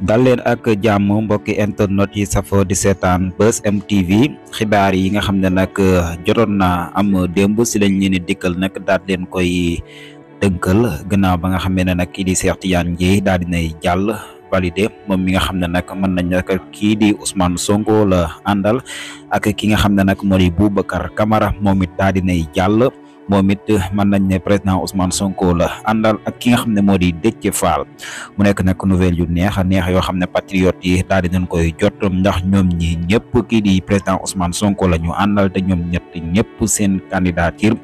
dal leen ak jàmm mbokki internet yi safo di seetaan Buzz M xibaar yi nga xam ne nag jotoon naa am démb si lañ leen dikkal nag daal leen koy dënkal gannaaw ba nga xam ne nag kii di Cheikh Tidiane Dièye daal dinay jàll validé moom mi nga xam ne nag mën nañ nag kii di Ousmane Sonko la àndal ak ki nga xam ne nag moo di Boubacar Camara moom it daal dinay jàll moom it eh, mën nañ ne président Ousmane Sonko la àndal ak ki nga xam ne moo di Déthié Fall mu nekk nag nouvelle yu neex a neex yoo xam ne patriotes yi daal di nañ koy jot ndax ñoom ñi ñëpp kii di président Ousmane Sonko lañu ñu àndal te ñoom ñett ñëpp seen candidature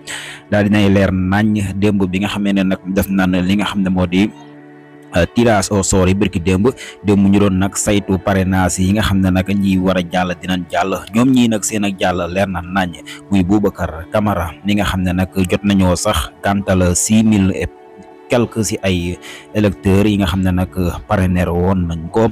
daal dinay leer nañ démb bi nga xamee ne nag def nañ li nga xam ne moo di Euh, tirage au sort yi bërki démb démb ñu doon nag saytu parrainage yi nga xam ne nag ñi war a jàll dinañ jàll ñoom ñii nag seen ak jàll leer na nañ muy Boubacar Camara mi nga xam ne nag jot nañoo sax gàntal six mil et quelque si ay électeurs yi nga xam ne nag parrainer woon nañ ko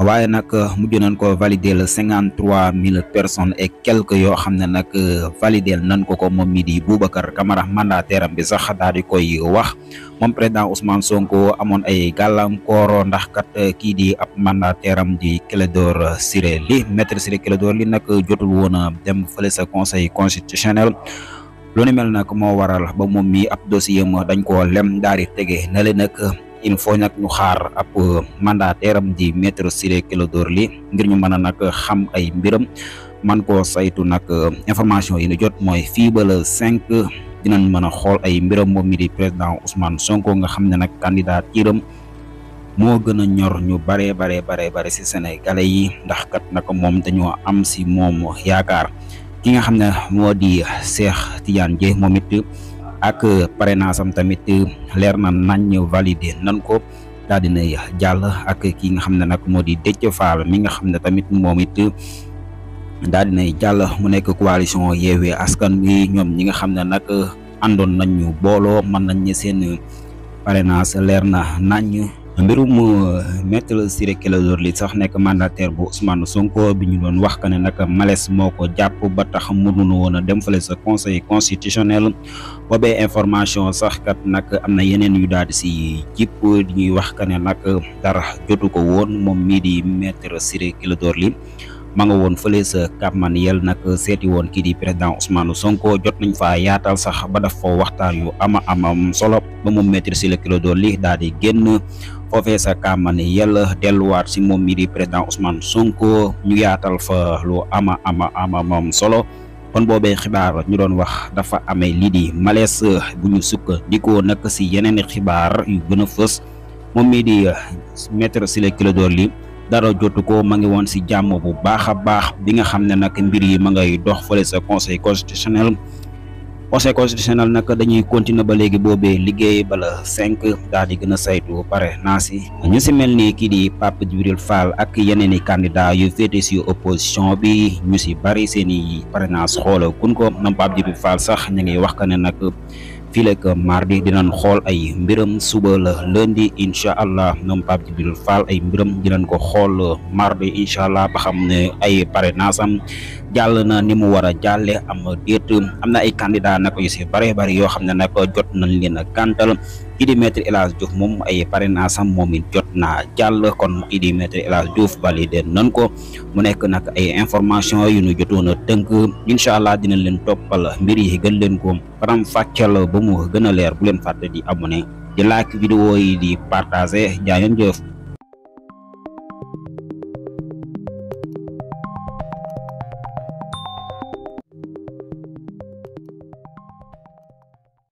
waaye nag euh, mujj nañ ko valider le cinquante trois mille personnes et quelques yoo xam ne nag euh, valider nañ ko ko moom mii di Boubacar Camara manda teram bi sax daal di koy wax moom président Ousmane Sonko amoon ay gàllankoor ndax kat euh, kii di ab mandataire am di Clédor Ciré Ly maître Ciré Clédor Ly nag jotul woon a dem fële sa conseil constitutionnel. lu ni mel nag moo waral ba moom mi ab dossier dañ koo lem daal di tege na le nag il faut nag ñu xaar ap mandataire di maître Ciré Clédor Ly ngir ñu mëna nak xam ay mbiram man ko saytu nak information yi ñu jot moy fii ba le 5 dinañ mëna xol ay mbiram mo mi di président Ousmane Sonko nga xam ne nag candidat tiram mo gëna ñor ñu bare bare bare bare ci sénégalais yi ndax kat nak mom dañu am ci mom yaakar ki nga xam ne di Cheikh Tidiane Dièye momit ak eh, parrainage tamit eh, leer na nañ validé nan ko daal dinay jàll ak ki nga xam ne nag moo di Déthié Fall mi nga xam ne tamit moom it eh, daal dinay jàll mu nekk coalition yewee Askan Wi ñoom ñi nga xam ne nag àndoon nañ ñu booloo mën nañ ne seen parrainage leer na nañ mbirum euh, maître Ciré Clédor li sax nekk mandataire bu Ousmane Sonko bi ñu doon wax que ne nag malaise moo ko jàpp ba tax mënuñu woon a dem fale sa conseil constitutionnel boobee information sax kat nag am na yeneen yu daal di si jip di ñuy wax que ne nag dara jotu ko woon moom mii di maître Ciré Clédor Ly ma nga woon fële eh, sa Cap Manuel nak eh, seeti won ki di président Ousmane Sonko jot nañ fa yaatal sax ba daf fo waxtaan yu ama amam solo ba moom Maître kilo Clédor Ly daal di genn fofé eh, sa Cap Manuel wat ci mom mi di président Ousmane Sonko ñu yaatal fa lu ama ama amam solo kon bobé xibaar ñu doon wax dafa amé li di malaise bu ñu diko nak ci yenen xibaar yu gën mom fës moom di Maître kilo do li dara jotu ko ma ngi woon ci jàmm bu baax a baax bi nga xam ne nag mbir yi ma ngay dox fële sa conseil constitutionnel conseil constitutionnel nag dañuy continuer ba léegi boobee liggéey bala cinq daal di gën a saytu pare naa si ñu ci mel ni kii di Pape Djibril Fall ak yeneen i candidat yu féete ci opposition bi ñu ci bari seen i parrainage xooloo kun ko moom Pape Djibril Fall sax ñu ngi wax ka ne nag fileeg mardi dinan xool ay mbiram suba la lundi incha allah ñoom Pape Djibril Fall ay mbiram dinañ ko xool mardi incha allah ba xam ne ay parrainage jàll na ni mu war a jàllee am déet am na ay candidat na yu si bare bari yoo xam ne na nag jot nañ leen a gàntal kii di maître El moom ay parrainage am moom it jot naa jàll kon kii di maître El Hadj Diouf nan ko mu nekk nag ay information yu nu jotoon a tënk incha allah dinañ leen toppal mbir yi gën leen ko faram fàccal ba mu gën a leer bu leen fàtte di abonné di like vidéo yi di partager jaa ngeen jëf